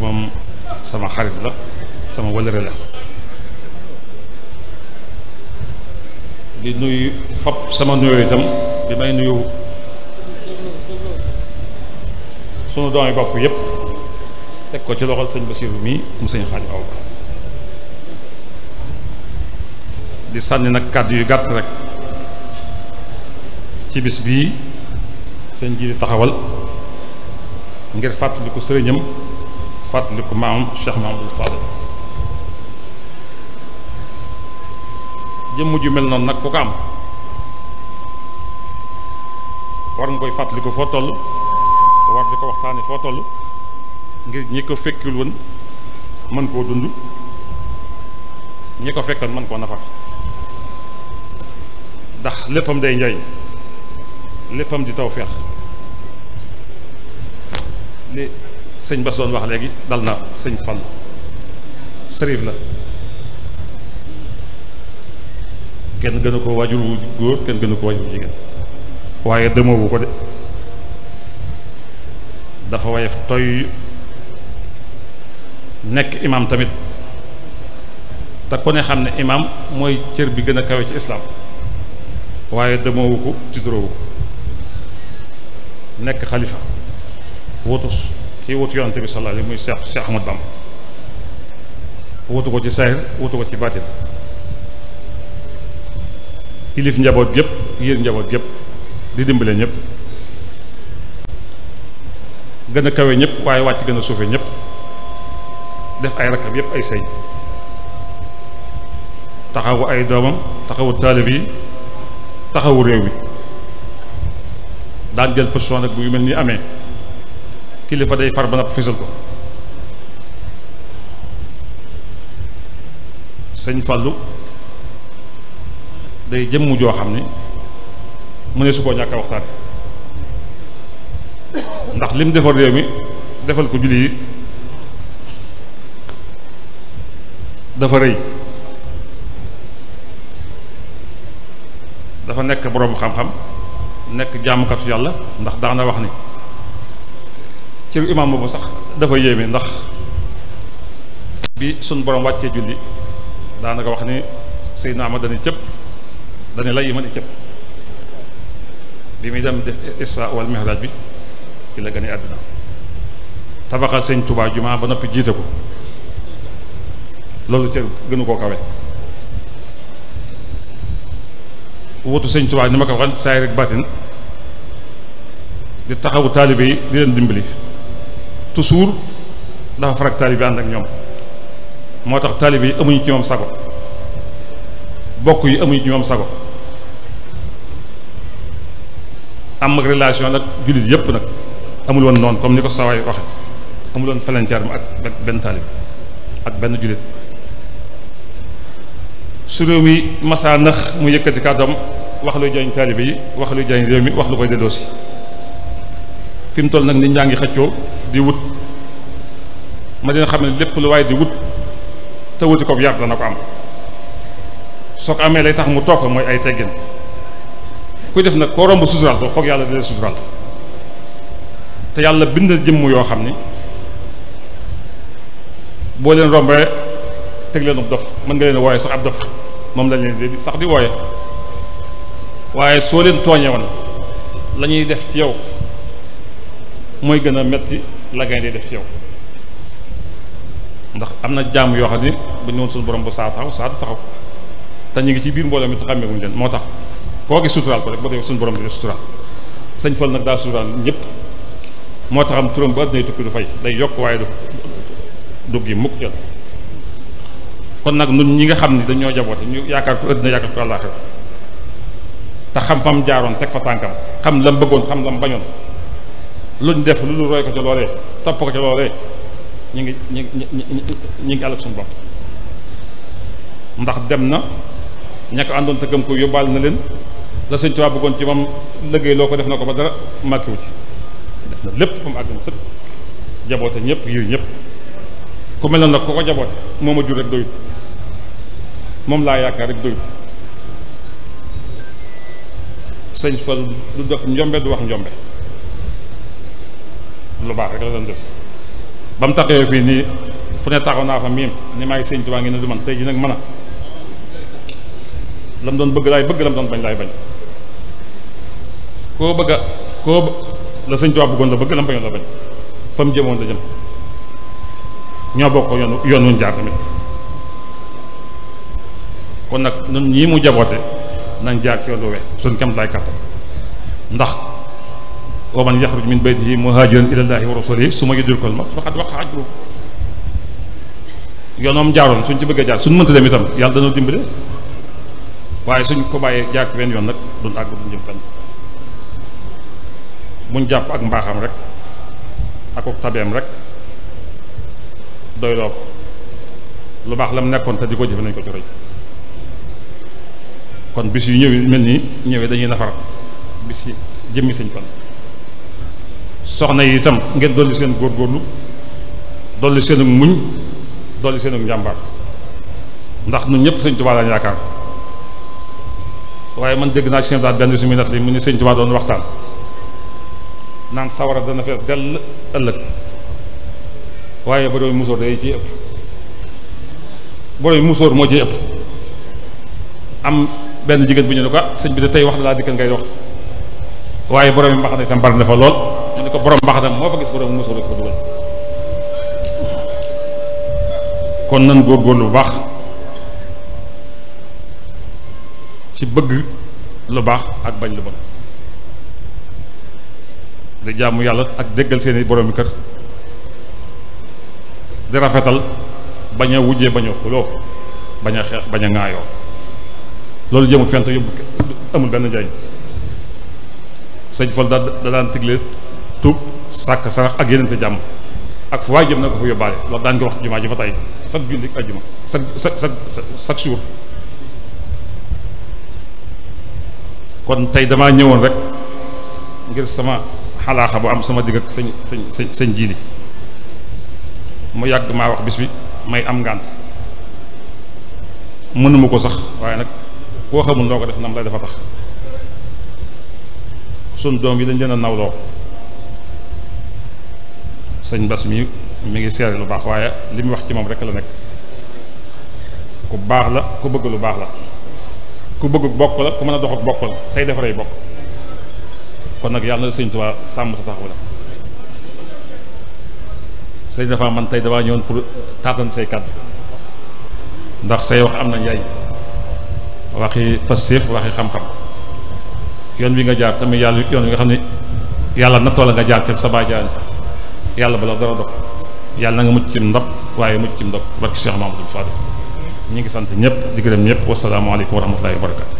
moom sama xarit la sama wëlëre la di nuyu fab sama nuyoo itam bi may nuyu sunu doomi bopp yépp teg ko ci loxol sëñ Basiiru mii mu sëñ Xaadim Awa Ba di sànni nag kàddu yu gàtt rek ci bis bii sëñ ji taxawal ngir fàttaliku sëriñam fàttaliku maamam Cheikh Mamadou Fadal jëmm ju mel noonu nag ku ko am war nga koy fàttaliku foo toll war di ko waxtaane foo toll ngir ñi ko fekkul woon mën koo dund ñi ko fekkoon mën koo nafa ndax léppam day njariñ léppam di tawfeex li sëñ Bass doon wax léegi dal na sëñ Fall sërif la kenn gënu ko waajur wu góor kenn gënu ko waajur wu jigéen waaye dëmoobu ko de dafa wayef toy nekk imaam tamit te ku ne xam ne imaam mooy cër bi gën a kawe ci islaam waaye dëmoowu ko titroowu ko nekk xalifa wutus kii wutu yonante bi sallallahu alayhi muy Cheikh Cheikh Ahmad Bamba wutu ko ci saahir wutu ko ci baatin ilif njaboot gépp yéen njaboot gépp di dimbale ñëpp gën a kawe ñëpp waaye wàcc gën a suufe ñëpp def ay rakkab yëpp ay sëy taxawu ay doomam taxawu taalib yi taxawu réew mi daan jël position nag bu mel ni amee kilifa day far ba nga fësal ko sëñ Fallou day jëmm joo xam ne mu ne ñàkk waxtaan ndax lim defal réew mi defal ko julli yi dafa rëy dafa nekk boroomu xam-xam nekk jaamukatu yàlla ndax daana wax ni ci imaam boobu sax dafa yéeme ndax bi suñ borom wàccee julli daanaka wax ni Seydina Amar dana cëpp dana lay yi ma ni cëpp bi muy dem def Isra wal Mihraj bi ci la gane àdduna tabaxal sëñ Touba jumaa ba noppi jiite ko loolu cër gënu koo kawe wutu sëñ Touba ni ma ko waxan saay rek baatin di taxawu taalibe yi di leen dimbali toujours dafa farak taalibe ànd ak ñoom moo tax taalibe yi amuñu ci moom sago bokk yi amuñu ci moom sago am ak relation nag jullit yëpp nag amul woon noonu comme ni ko sawaay waxe amul woon falancaar mi ak benn taalib ak benn jullit su réew mi masaa nax mu yëkkati kàddoom wax luy jariñ taalibe yi wax luy jariñ réew mi wax lu koy delloosi fi toll nag nit ñaa ngi xëccoo di wut ma dina xam ne lépp lu waaye di wut te wuti ko yar dana ko am soo ko amee lay tax mu toog mooy ay teggin kuy def nag koo romb suturaal ko foog yàlla dina suturaal te yàlla bind jëmm yoo xam ni boo leen rombee teg leen ab dof mën nga leen wooye sax ab dof moom lañ leen sax di wooye waaye soo leen tooñee woon la ñuy def ci yow mooy gën a metti la gaynde def ci yow ndax am na jàmm yoo xam ne bu ñu woon suñu borom bu saa taxaw saa du taxaw te ngi ci biir mbooloo mi te xàmmeewuñu leen moo tax koo gis suturaal ko rek ba tey suñu borom bi suturaal sañ Fall nag daal suturaal ñëpp moo taxam turam ba àddina tukki du fay day yokk waaye du dugg yi mukk jël kon nag nun ñi nga xam ne dañoo jaboote ñu yaakaar ko àddina yaakaar ko àllaaxira te xam fam jaaroon teg fa tànkam xam lam bëggoon xam lam luñ def lu dul roy ko ca loolee topp ko ca loolee ñu ngi ñu ngi ñu ngi àll ak suñu bopp ndax dem na ña ko àndoon te na leen la sëñ ci moom liggéey loo ko def na ko ba dara màkkiwu ci def na lépp ba mu àgg na sëpp jaboote ñëpp yooyu ñëpp ku mel na nag ku ko jaboote moom a jur rek doyut moom laa yaakaar rek doyut sëñ Fall du def njombe du wax njombe lu baax rek la doon def ba mu taxawee fii nii fu ne taxaw naa fa miim ni maa ngi sëñ Tuubaa ngi ne du man tey ji nag mën a la mu doon bëgg laay bëgg la mu doon bañ laay bañ koo bëgg a koo la sëñ Tuubaa bëggoon la bëgg la mu bañoon la bañ fa mu jëmoon la jëm ñoo bokk yoon yoon wuñ jaar tamit kon nag ñun ñii mu jaboote nañ jaar ci yoon wu we suñ kam lay kàttan ndax wa man yaxruj min baytihi muhaajiran ilallaahi wa rasulihi su ma yudrikul mawt faqad waqa'a ajruhu yoonoom jaaroon suñ ci bëggee jaar suñ mënta dem itam yàlla dana dimbale waaye suñ ko bàyyee jaar ci benn yoon nag du àgg duñ jëm fenn muñ jàpp ak mbaaxam rek ak ak tabeem rek doy loo lu baax la mu nekkoon te di ko jëfe nañ ko ci kon bis yu ñëw mel nii ñëwee dañuy nafar bis yi jëmmi sëñ fan soxna yi itam ngeen dolli seen góorgóorlu dolli seen muñ dolli seen ak njàmbaar ndax nu ñëpp sëñ Tuubaa lañ yaakaar waaye man dégg naa ci seen daal benn bi su li mu ne sëñ Tuubaa doon waxtaan naan sawara dana fees dell ëllëg waaye borooy musóor day ciy ëpp borooy musóor moo ciy ëpp am benn jigéen bu ñu ne ko ah, sëñ bi de tey wax dalaa dikkal ngay wax waaye boroomi mbaxana itam bari ne fa lool ñu ne ko borom mbaxadam moo fa gis borom musul ko dugal kon nan góorgóorlu lu baax ci bëgg lu baax ak bañ lu bon di jàmm yàlla ak déggal seeni boroomi kër di rafetal bañ a wujjee bañ a xuloo bañ a xeex bañ a ŋaayoo loolu jëmul fent yóbbu amul benn njariñ sëñ Fall da daan tigle tuub sàkk sarax ak yeneen te jàmm ak fu waay jëm na ko fa yóbbaale loolu daan ko wax jumaa ji ba tey sag julli ajjuma sag sag sag sag suur kon tey damaa ñëwoon rek ngir sama xalaaxa bu am sama digg ak sañ sañ sañ sañ jiili mu yàgg maa wax bis bi may am ngànt mënuma ko sax waaye nag koo xamul noo ko def nam lay dafa tax sun doom yi dañ leen a nawloo sëñ Bass mi mi ngi seere lu baax waaye li mu wax ci moom rek la nekk ku baax la ku bëgg lu baax la ku bëgg bokk la ku mën a dox ak bokk la tey defaree bokk kon nag yàlla na sëñ Tuubaa sàmm te la sëñ dafa man tey damaa ñëwoon pour taatan say kàddu ndax say wax am na njaay waxi Pastef waxi xam-xam yoon wi nga jaar tamit yàlla yoon wi nga xam ne yàlla nattoo la nga jaar ca sa baajaani yàlla bala dara dog yàlla na nga mucc ci ndab waaye mucc ci ndab barki Cheikh Mamadou Fadil ñu ngi sant ñëpp di gërëm ñëpp wasalaamaaleykum wa rahmatullahi wa barakatu